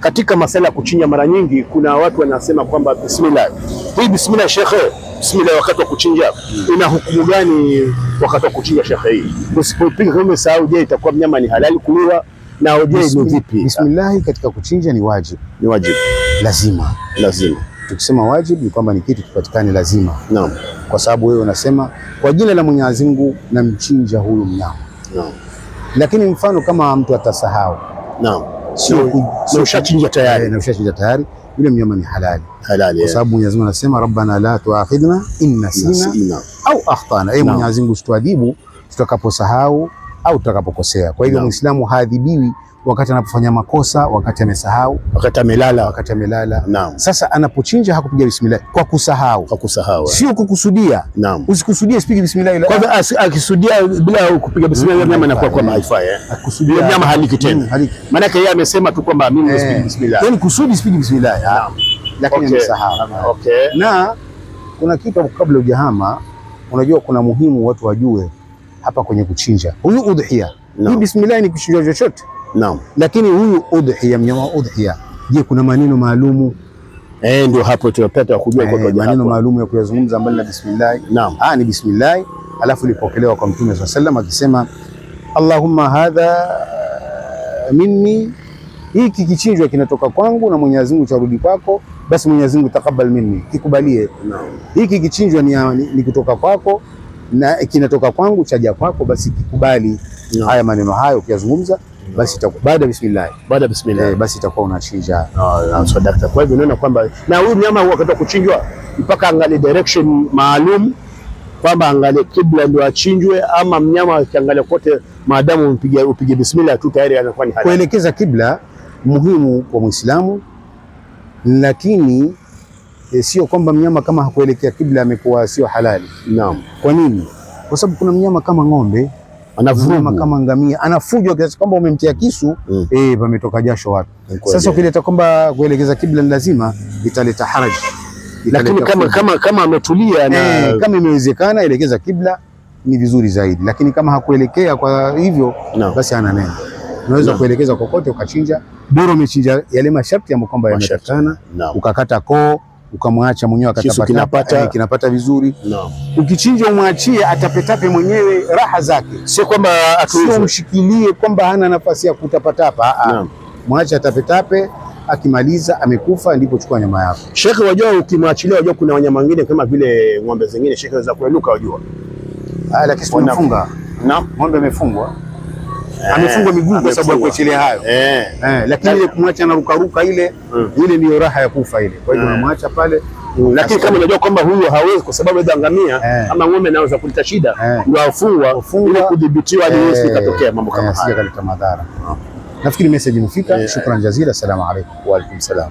Katika masala ya kuchinja, mara nyingi kuna watu wanasema kwamba bismillah, hii bismillah shekhe, bismillah wakati wa kuchinja ina hukumu gani? Wakati wa kuchinja shekhe, hii usipopiga kama sahau, je, itakuwa mnyama ni halali kuliwa na oje ni vipi? Bismillah katika kuchinja ni wajibu, ni wajibu, lazima lazima. Tukisema wajibu ni kwamba ni kitu kipatikane lazima, naam, kwa sababu wewe unasema kwa jina la Mwenyezi Mungu namchinja huyu mnyama, naam. Lakini mfano kama mtu atasahau, naam na ushachinja tayari, na ushachinja tayari, yule mnyama ni halali halali, kwa sababu Mwenyezi Mungu anasema rabbana la tuakhidhna in nasina au akhtana, ee Mwenyezi Mungu usituadhibu tutakaposahau au tutakapokosea. Kwa hivyo Muislamu haadhibiwi wakati anapofanya makosa, wakati amesahau, wakati amelala, wakati amelala. Naam. Sasa anapochinja hakupiga bismillah kwa kusahau, kwa kusahau, eh. sio kukusudia. Naam. Usikusudie sipige bismillah ila kwanza, akisudia bila kupiga bismillah mm. nyama inakuwa kwa maifa ya. Eh. Akusudia nyama haliki mm, tena, Haliki. maana yake yeye amesema tu kwamba mimi nisipige eh. bismillah, yani kusudi sipige bismillah. Naam. Lakini amesahau. Okay. Na kuna kitu kabla hujahama, unajua kuna muhimu watu wajue hapa kwenye kuchinja huyu udhiya. Hii bismillah ni kuchinja chochote Naam. Lakini huyu udhiya, mnyama wa udhiya, je, kuna maneno maalumu? Eh, ndio hapo tunapata kujua eh, kwa maneno maalum ya kuyazungumza mbali na bismillah. Naam. Ah, ni bismillah, alafu ilipokelewa kwa Mtume swalla sallam akisema Allahumma hadha eh, minni, hiki kichinjwa kinatoka kwangu na Mwenyezi Mungu charudi kwako, basi Mwenyezi Mungu taqabbal minni, kikubalie. Naam. Hiki kichinjwa ni, ni, ni kutoka kwako na kinatoka kwangu chaja kwako, basi kikubali. Naam. Haya maneno hayo ukiyazungumza basi baada bismillah, baada bismillah, eh, basi itakuwa unachinja ah, eh, daktari. Kwa hivyo unaona kwamba na huyu mnyama wakati kuchinjwa mpaka angalie direction maalum kwamba angalie kibla ndio achinjwe, ama mnyama akiangalia kote, maadamu upige upige bismillah tu tayari anakuwa ni halali. Kuelekeza kibla muhimu kwa Muislamu, lakini e, sio kwamba mnyama kama hakuelekea kibla amekuwa sio halali. Naam. Kwa nini? Kwa sababu kuna mnyama kama ng'ombe anavuma kama ngamia, anafujwa kiasi kwamba umemtia kisu mm. eh, pametoka jasho watu Sasa ukileta kwamba kuelekeza kibla ni lazima italeta haraji, lakini kama kama kama ametulia na eh, kama imewezekana elekeza kibla ni vizuri zaidi, lakini kama hakuelekea kwa hivyo no. basi ana neno unaweza no. kuelekeza kokote ukachinja, bora umechinja yale masharti ambayo kwamba yametakana no. ukakata koo ukamwacha mwenyewe kisu kinapata, eh, kinapata vizuri no. Ukichinja umwachie atapetape mwenyewe raha zake, sio kwamba sio mshikilie kwamba hana nafasi ya kutapatapa ah, no. Mwache atapetape, akimaliza amekufa, ndipo chukua nyama yako. Shekhe, wajua ukimwachilia, wajua kuna wanyama wengine kama vile ng'ombe zingine, shekhe, za kueluka, wajua, ah, lakini tumefunga. Naam, ng'ombe amefungwa Eh, amefungwa miguu kwa sababu ya kuachilia hayo, eh. Eh, lakini ile kumwacha mm. anarukaruka ile ile ndiyo raha ya kufa ile. Kwa hiyo mm. unamwacha pale lakini kama unajua kwamba huyu hawezi kwa sababu ya ngamia ama ng'ombe naweza kuleta shida, ndio afungwa ili kudhibitiwa hadi yeye sikatokea mambo kama haya, sikaleta madhara. Nafikiri message imefika. Shukran jazira assalamu alaykum. Wa alaykum salaam.